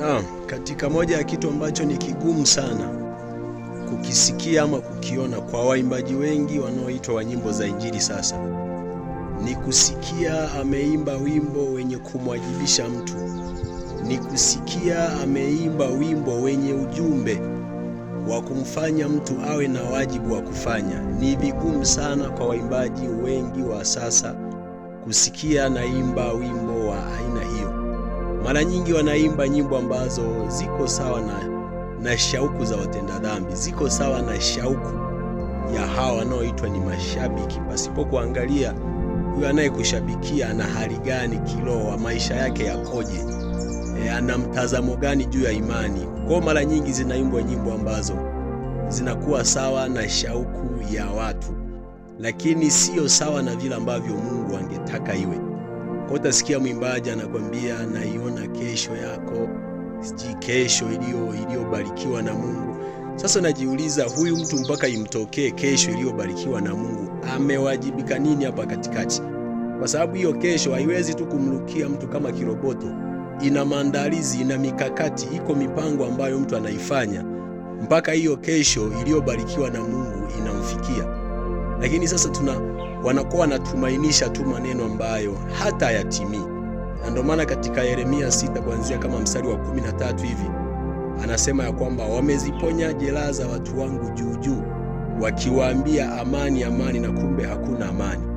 Naam, katika moja ya kitu ambacho ni kigumu sana kukisikia ama kukiona kwa waimbaji wengi wanaoitwa wa nyimbo za injili sasa ni kusikia ameimba wimbo wenye kumwajibisha mtu, ni kusikia ameimba wimbo wenye ujumbe wa kumfanya mtu awe na wajibu wa kufanya. Ni vigumu sana kwa waimbaji wengi wa sasa kusikia naimba wimbo wa mara nyingi wanaimba nyimbo ambazo ziko sawa na, na shauku za watenda dhambi, ziko sawa na shauku ya hawa wanaoitwa ni mashabiki, pasipo kuangalia huyo anayekushabikia ana hali gani kiroho, maisha yake yakoje, e, ana mtazamo gani juu ya imani. Kwa mara nyingi zinaimbwa nyimbo ambazo zinakuwa sawa na shauku ya watu, lakini siyo sawa na vile ambavyo Mungu angetaka iwe. Kwa utasikia mwimbaji anakwambia naiona kesho yako, sijui kesho iliyobarikiwa na Mungu. Sasa najiuliza huyu mtu mpaka imtokee kesho iliyobarikiwa na Mungu, amewajibika nini hapa katikati? Kwa sababu hiyo kesho haiwezi tu kumrukia mtu kama kiroboto. Ina maandalizi, ina mikakati, iko mipango ambayo mtu anaifanya mpaka hiyo kesho iliyobarikiwa na Mungu inamfikia. Lakini sasa tuna wanakuwa wanatumainisha tu maneno ambayo hata hayatimii na ndio maana katika Yeremia sita kuanzia kama mstari wa kumi na tatu hivi anasema ya kwamba wameziponya jeraha za watu wangu juu juu, wakiwaambia amani, amani, na kumbe hakuna amani.